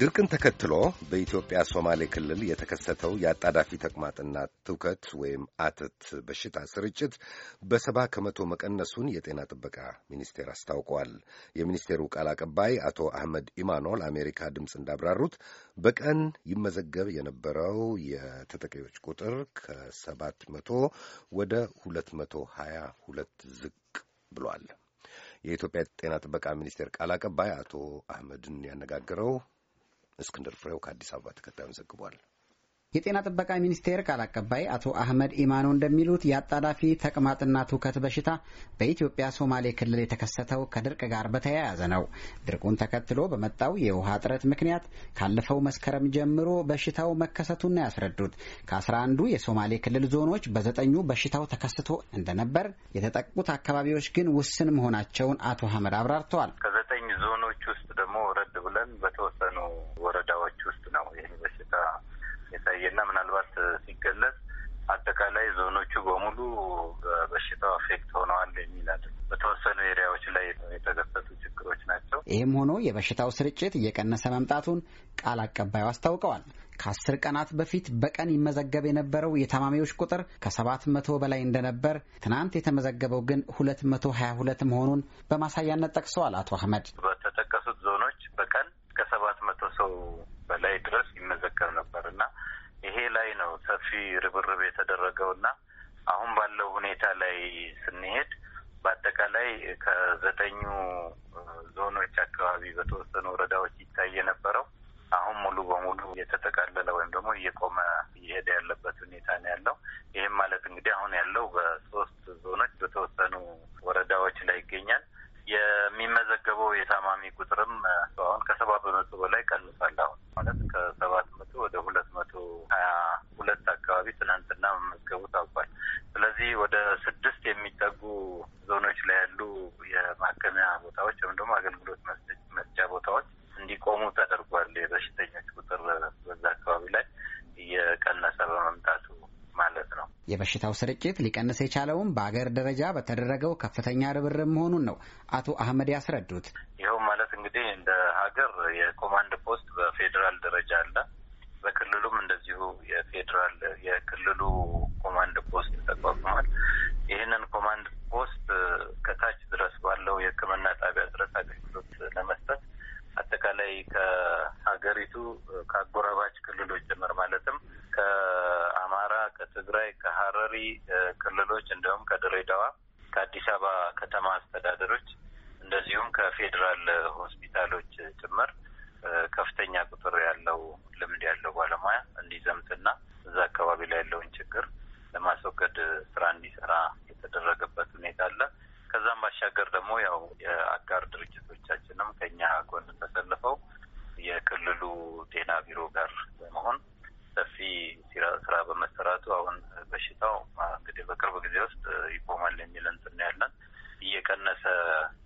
ድርቅን ተከትሎ በኢትዮጵያ ሶማሌ ክልል የተከሰተው የአጣዳፊ ተቅማጥና ትውከት ወይም አተት በሽታ ስርጭት በሰባ ከመቶ መቀነሱን የጤና ጥበቃ ሚኒስቴር አስታውቋል። የሚኒስቴሩ ቃል አቀባይ አቶ አህመድ ኢማኖ ለአሜሪካ ድምፅ እንዳብራሩት በቀን ይመዘገብ የነበረው የተጠቂዎች ቁጥር ከሰባት መቶ ወደ ሁለት መቶ ሀያ ሁለት ዝቅ ብሏል። የኢትዮጵያ ጤና ጥበቃ ሚኒስቴር ቃል አቀባይ አቶ አህመድን ያነጋገረው እስክንድር ፍሬው ከአዲስ አበባ ተከታዩን ዘግቧል። የጤና ጥበቃ ሚኒስቴር ቃል አቀባይ አቶ አህመድ ኢማኖ እንደሚሉት የአጣዳፊ ተቅማጥና ትውከት በሽታ በኢትዮጵያ ሶማሌ ክልል የተከሰተው ከድርቅ ጋር በተያያዘ ነው። ድርቁን ተከትሎ በመጣው የውሃ እጥረት ምክንያት ካለፈው መስከረም ጀምሮ በሽታው መከሰቱን ያስረዱት። ከአስራ አንዱ የሶማሌ ክልል ዞኖች በዘጠኙ በሽታው ተከስቶ እንደነበር፣ የተጠቁት አካባቢዎች ግን ውስን መሆናቸውን አቶ አህመድ አብራርተዋል። ላይ ዞኖቹ በሙሉ በበሽታው አፌክት ሆነዋል የሚል በተወሰኑ ኤሪያዎች ላይ የተከሰቱ ችግሮች ናቸው። ይህም ሆኖ የበሽታው ስርጭት እየቀነሰ መምጣቱን ቃል አቀባዩ አስታውቀዋል። ከአስር ቀናት በፊት በቀን ይመዘገብ የነበረው የታማሚዎች ቁጥር ከሰባት መቶ በላይ እንደነበር ትናንት የተመዘገበው ግን ሁለት መቶ ሀያ ሁለት መሆኑን በማሳያነት ጠቅሰዋል አቶ አህመድ ከዘጠኙ ዞኖች አካባቢ በተወሰኑ ወረዳዎች ይታይ የነበረው አሁን ሙሉ በሙሉ እየተጠቃለለ ወይም ደግሞ እየቆመ እየሄደ ያለበት ሁኔታ ነው ያለው። ይህም ማለት እንግዲህ አሁን ያለው በሶስት ዞኖች በተወሰኑ ወረዳዎች ላይ ይገኛል። የሚመዘገበው የታማሚ ቁጥርም የበሽታው ስርጭት ሊቀንስ የቻለውም በአገር ደረጃ በተደረገው ከፍተኛ ርብርብ መሆኑን ነው አቶ አህመድ ያስረዱት። ይኸው ማለት እንግዲህ እንደ ሀገር የኮማንድ ፖስት በፌዴራል ደረጃ አለ። በክልሉም እንደዚሁ የፌዴራል የክልሉ ኮማንድ ፖስት ተቋቁሟል። ይህንን ኮማንድ ከትግራይ፣ ከሀረሪ ክልሎች እንዲሁም ከድሬዳዋ፣ ከአዲስ አበባ ከተማ አስተዳደሮች እንደዚሁም ከፌዴራል ሆስፒታሎች ጭምር ከፍተኛ ቁጥር ያለው ልምድ ያለው ባለሙያ እንዲዘምትና እዛ አካባቢ ላይ ያለውን ችግር ለማስወገድ ስራ እንዲሰራ የተደረገበት ሁኔታ አለ። ከዛም ባሻገር ደግሞ ያው የአጋር ድርጅቶቻችንም ከኛ ጎን ተሰልፈው የክልሉ ጤና ቢሮ ጋር በመሆን ስራ በመሰራቱ አሁን በሽታው እንግዲህ በቅርብ ጊዜ ውስጥ ይቆማል የሚል እንትን ያለን እየቀነሰ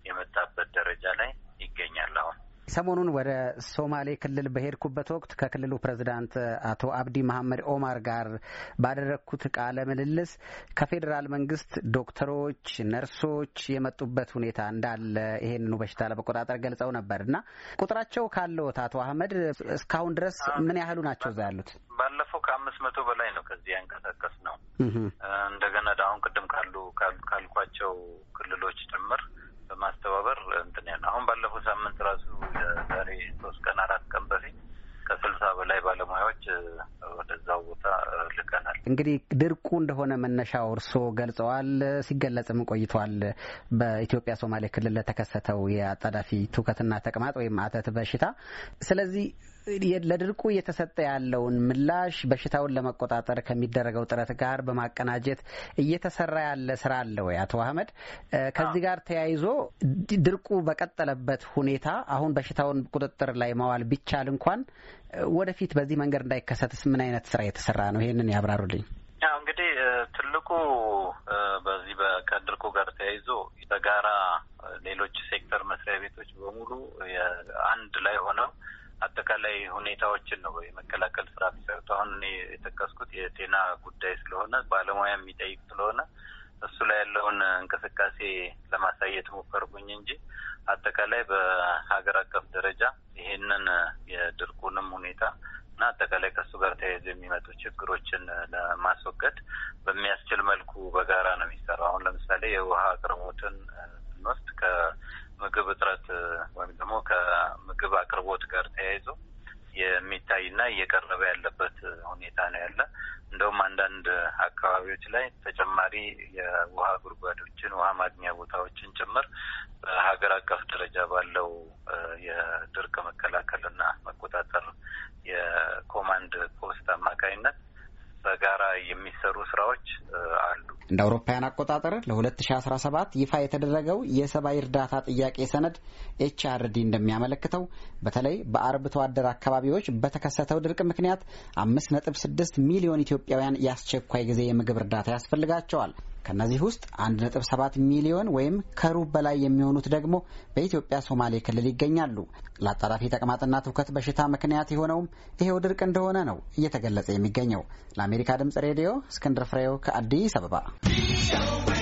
የመጣበት ደረጃ ላይ ይገኛል አሁን ሰሞኑን ወደ ሶማሌ ክልል በሄድኩበት ወቅት ከክልሉ ፕሬዚዳንት አቶ አብዲ መሐመድ ኦማር ጋር ባደረግኩት ቃለ ምልልስ ከፌዴራል መንግስት ዶክተሮች፣ ነርሶች የመጡበት ሁኔታ እንዳለ ይሄንኑ በሽታ ለመቆጣጠር ገልጸው ነበር እና ቁጥራቸው ካለዎት አቶ አህመድ እስካሁን ድረስ ምን ያህሉ ናቸው እዛ ያሉት? ባለፈው ከአምስት መቶ በላይ ነው ከዚህ ያንቀሳቀስ ነው። እንደገና አሁን ቅድም ካሉ ካልኳቸው ክልሎች ጭምር በማስተባበር እንትን ያ አሁን ባለፈው ሳምንት ራሱ ሶስት ቀን አራት ቀን በፊት ከስልሳ በላይ ባለሙያዎች ወደዛው ቦታ ልከናል። እንግዲህ ድርቁ እንደሆነ መነሻው እርስዎ ገልጸዋል፣ ሲገለጽም ቆይቷል። በኢትዮጵያ ሶማሌ ክልል ለተከሰተው የአጣዳፊ ትውከትና ተቅማጥ ወይም አተት በሽታ ስለዚህ ለድርቁ እየተሰጠ ያለውን ምላሽ በሽታውን ለመቆጣጠር ከሚደረገው ጥረት ጋር በማቀናጀት እየተሰራ ያለ ስራ አለ ወይ? አቶ አህመድ፣ ከዚህ ጋር ተያይዞ ድርቁ በቀጠለበት ሁኔታ አሁን በሽታውን ቁጥጥር ላይ ማዋል ቢቻል እንኳን ወደፊት በዚህ መንገድ እንዳይከሰትስ ምን አይነት ስራ የተሰራ ነው? ይህንን ያብራሩልኝ። ያው እንግዲህ ትልቁ በዚህ ከድርቁ ጋር ተያይዞ በጋራ ሌሎች ሴክተር መስሪያ ቤቶች በሙሉ አንድ ላይ ሆነው አጠቃላይ ሁኔታዎችን ነው የመከላከል ስራ የሚሰሩት። አሁን እኔ የጠቀስኩት የጤና ጉዳይ ስለሆነ ባለሙያ የሚጠይቅ ስለሆነ እሱ ላይ ያለውን እንቅስቃሴ ለማሳየት ሞከርኩኝ እንጂ አጠቃላይ በሀገር አቀፍ ደረጃ ይሄንን የድርቁንም ሁኔታ እና አጠቃላይ ከእሱ ጋር ተያይዞ የሚመጡ ችግሮችን ለማስወገድ በሚያስችል መልኩ በጋራ ነው የሚሰራው። አሁን ለምሳሌ የውሃ አቅርቦትን ስንወስድ ከምግብ እጥረት ወይም ደግሞ የምግብ አቅርቦት ጋር ተያይዞ የሚታይና እየቀረበ ያለበት ሁኔታ ነው ያለ። እንደውም አንዳንድ አካባቢዎች ላይ ተጨማሪ የውሃ ጉድጓዶችን ውሃ ማግኛ ቦታዎችን ጭምር በሀገር አቀፍ ደረጃ ባለው የድርቅ መከላከልና መቆጣጠር የኮማንድ ፖስት አማካኝነት በጋራ የሚሰሩ ስራዎች አሉ። እንደ አውሮፓውያን አቆጣጠር ለ2017 ይፋ የተደረገው የሰብአዊ እርዳታ ጥያቄ ሰነድ ኤችአርዲ እንደሚያመለክተው በተለይ በአርብቶ አደር አካባቢዎች በተከሰተው ድርቅ ምክንያት 5.6 ሚሊዮን ኢትዮጵያውያን የአስቸኳይ ጊዜ የምግብ እርዳታ ያስፈልጋቸዋል። ከእነዚህ ውስጥ 1.7 ሚሊዮን ወይም ከሩብ በላይ የሚሆኑት ደግሞ በኢትዮጵያ ሶማሌ ክልል ይገኛሉ። ለአጣዳፊ ተቅማጥና ትውከት በሽታ ምክንያት የሆነውም ይሄው ድርቅ እንደሆነ ነው እየተገለጸ የሚገኘው። ለአሜሪካ ድምጽ ሬዲዮ እስክንድር ፍሬው ከአዲስ አበባ